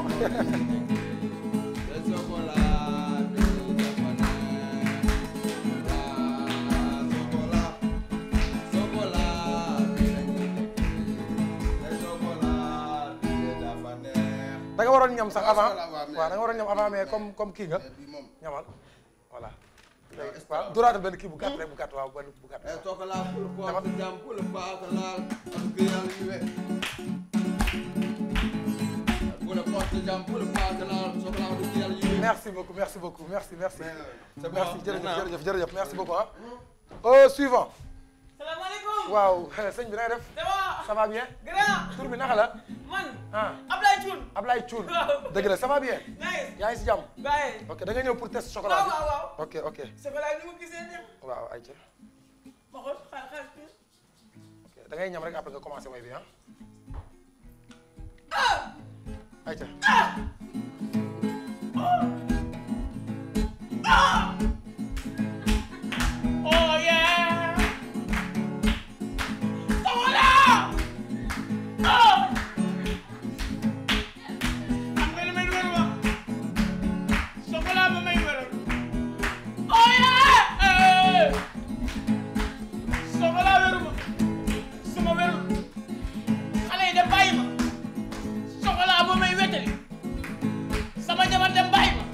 da nga waroon ñam sax avant waaw da nga waroon ñam avant mais comme comme kii nga ñamal. waaw duraata benn kii bu rek bu waaw benn bu gàtt. Eh, dafa jàmm pour baax laal parce que yàlla ñu wee. merci beaucoup merci beaucoup merci merci. Euh, merci jërëjëf jërëjëf merci beaucoup ah. suivant. salaamaaleykum. waaw sëñ bi na nga def. ça va ça va bien. grand tur bi naka la. man. ah Ablaye Thioune. Ablaye Thioune. dëgg la ça va bien. nice. yaa ngi si jàmm. baaye. ok da nga ñëw pour test chocolat bi. waaw waaw ok ok. ni mu gisee ne. waaw ayca. ma xool xaar xaar tuuti. ok rek après nga commencé mooy bi ah. ah! ah! ah! oh. ah. sama laa wéruma sama wérul xale yi dem bàyyi ma soxlaa bu may wétali sama jabar dem bàyyi ma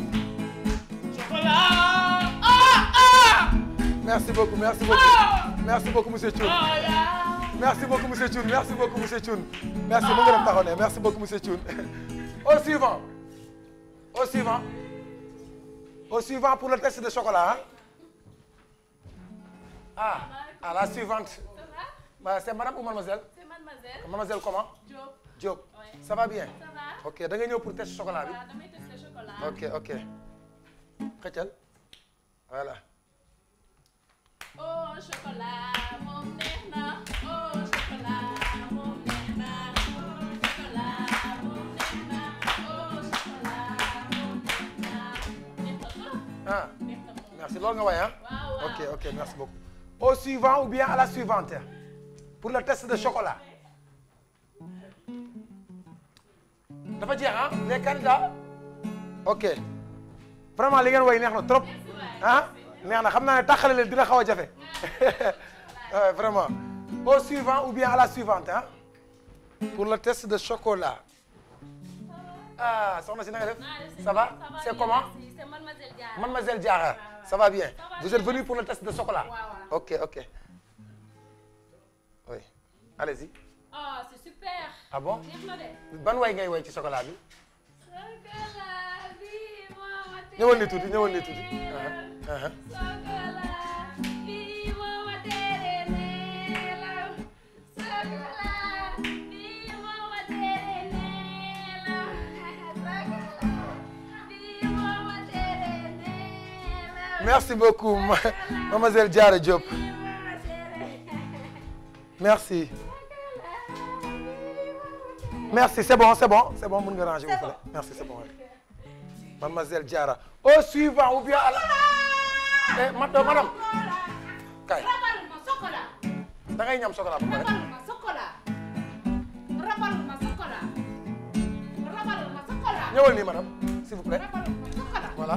soxlaa ah ah. merci beaucoup merci beaucoup ah. merci beaucoup monsieur Thioune. Ah, merci beaucoup monsieur Thioune merci beaucoup monsieur Thioune. merci mu ngi dem taxaw ne merci beaucoup monsieur Thioune. au suivant au suivant au suivant pour le test de chocolat ah. ah la suivante. voilà c' est madame ou mademoiselle. c' est mademoiselle. mademoiselle comment. Diop Diop. oui ça va bien. ça va ok da nga ñëw pour tester chocolat bi. waaw damay tester chocolat. ok ok. xëccal voilà. Oh, au suivant ou bien à la suivante pour le test de chocolat dafa jeex ah les candidats ok vraiment li ngeen way neex na trop ah neex na xam naa ne taxale leen dina xaw a jafe vraiment au suivant ou bien à la suivante ah pour le test de chocolat ah soxna si na nga def ça va c'est comment mademoiselle Diarra ça va bien vous êtes venu pour le test de chocolat. ok ok oui allez-y. ah c'est super. ah bon ban way ngay way ci sokola bi. chocolat bi ñëwal ni tuuti ñëwal ni tuuti. merci beaucoup mademoiselle Diarra Diop merci merci c'est bon c'est bon c'est bon mën nga ranger wu fële merci c'est bon mademoiselle Diarra au suivant ou m à la eh euh, madame madame kay da ngay ñam chocolat ba pare ñëwal nii madame s'il vous plaît voilà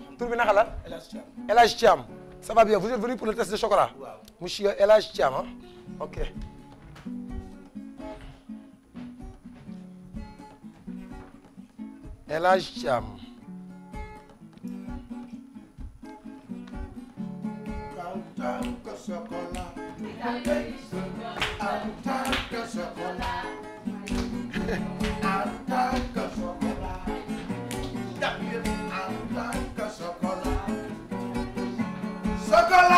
tur bi naka la. El Hadj Thiam El Hadj bien vous êtes venu pour test de chocolat. waaw monsieur El Hadj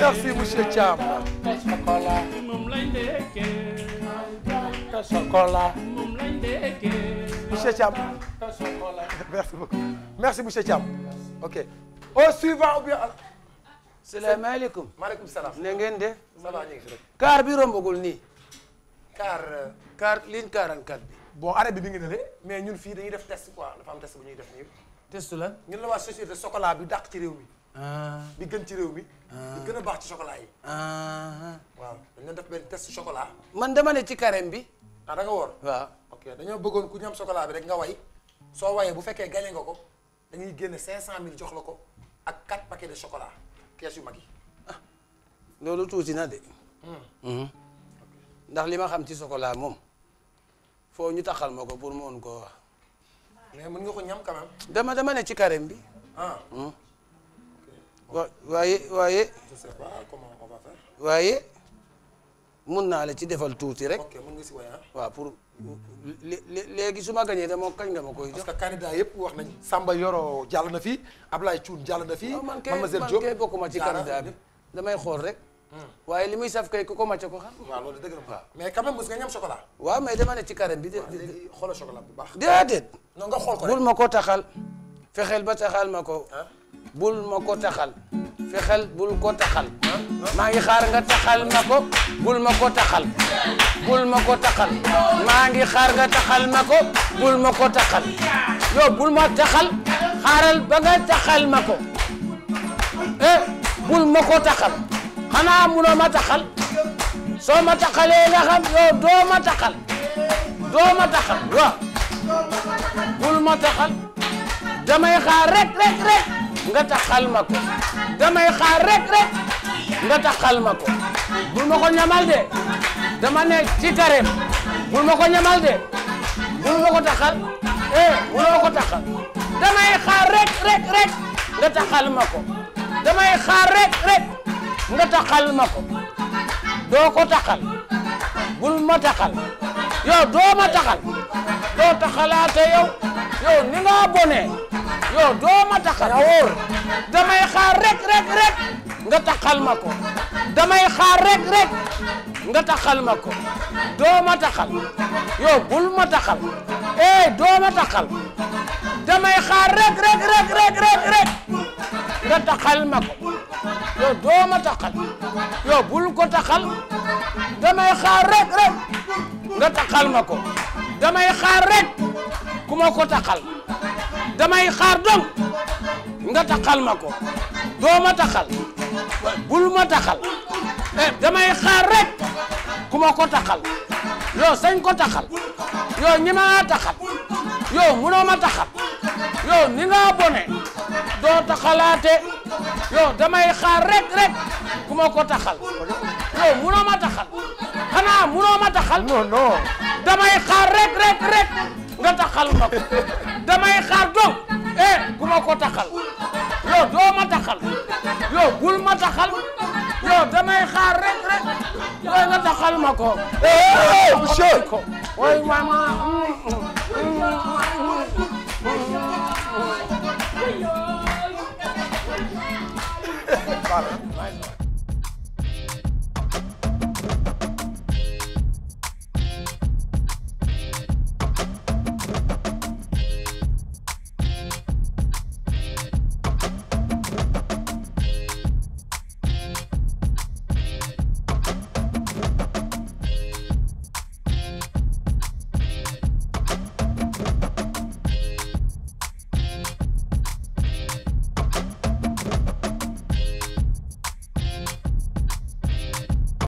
Merci, monsieur Cham. Chocolat. Chocolat. Monsieur Cham. Merci beaucoup. Merci, monsieur Cham. OK. Au suivant ou bien. salaamaaleykum. maaleykum salaam. na ngeen de. ça va ñu ngi fi rek. car bi rombagul nii. car euh, car ligne 44 bi. bon arrêt bi mi ngi ne mais ñun fii dañuy def test quoi dafa am test bu ñuy def nii. test la. ñun la waa société chocolat bi dàq ci réew mi. bi ah. gën ci réew mi. bi ah. gën a baax ci chocolat yi. Ah. waaw dañoo def benn test chocolat. man dama ne ci carême bi. ah nga woor. waaw ok dañoo bëggoon ku ñam chocolat bi rek nga way soo wayee bu fekkee gagné nga ko dañuy génne 500000 jox la ko ak 4 paquets de chocolat kees yu mag yi. loolu tuuti na de. Hmm. Hmm. ndax li ma xam ci chocolat moom foo ñu taxal ma ko pour mu ko koo mais mën nga ko ñam quand dama dama ne ci carême bi. ah. Hmm. wa waaye waaye. je sais pas waaye mun naa la ci defal tuuti rek. ok mun nga si waay ah. waaw pour léegi su ma gañee de moo kañ nga ma koy jox. parce que yëpp wax nañ sàmba Yoro jàll na fi ab Ablaye Thioune jàll na fi. Mademoiselle Diop man kay man kay bokkuma ci candidat bi damay xool rek. Hmm. waaye li muy saf kay ku ko màcce ko xam. waaw mais quand même mos ñam chocolat. waaw mais dama ne ci carême bi. waaw léegi xoolal chocolat bu baax. déedéet. non ko rek bul ma ko taxal fexeel ba taxal ma ko. Ah. bul ma ko taxal fexel bul ko taxal maa ngi xaar nga taxal ma ko bul ma ko taxal bul ma ko taxal maa ngi xaar nga taxal ma ko bul ma ko taxal yow bul ma taxal ma ko eh bul ma ko taxal xanaa munoo ma soo ma taxalee nga xam yow doo ma taxal doo ma bul ma taxal damay xaar rek rek rek. nga taxal ma ko damay xaar rek rek nga taxal ma ko bul ma ko de dama ne ci kareem bul ma ko de bul ma ko taxal eh bul ma ko taxal damay xaar rek rek rek nga taxal ma ko damay xaar rek rek nga taxal ma ko doo ko taxal bul ma taxal yow doo ma taxal doo taxalaate yow yow ni nga bonee yow doo ma taxal wóor damay xaar rek rek rek nga taxal ma ko damay xaar rek rek taxal ma ko doo ma taxal yow bul ma taxal eh doo ma taxal damay xaar rek rek rek nga taxal ma ko yow taxal yow bul ko taxal damay xaar rek rek nga taxal ma ko damay xaar rek ku ko taxal damay xaar dong nga taxal ma ko doo ma bul ma taxal eh, damay xaar rek ku ko taxal yow sañ ko taxal yow ñi ma taxal yow munoo ma taxal yow ni bone doo taxalaate yow damay xaar rek rek ku ma ko taxal. yow munoo ma taxal. xanaa munoo ma taxal. non non. damay xaar rek rek rek nga taxal ma ko damay xaar dong eh ku ko taxal yow doo ma taxal yow bul ma taxal yow damay xaar rek rek yow nga taxal ma ko. eh monsieur. ooy maama. Mm, mm, mm,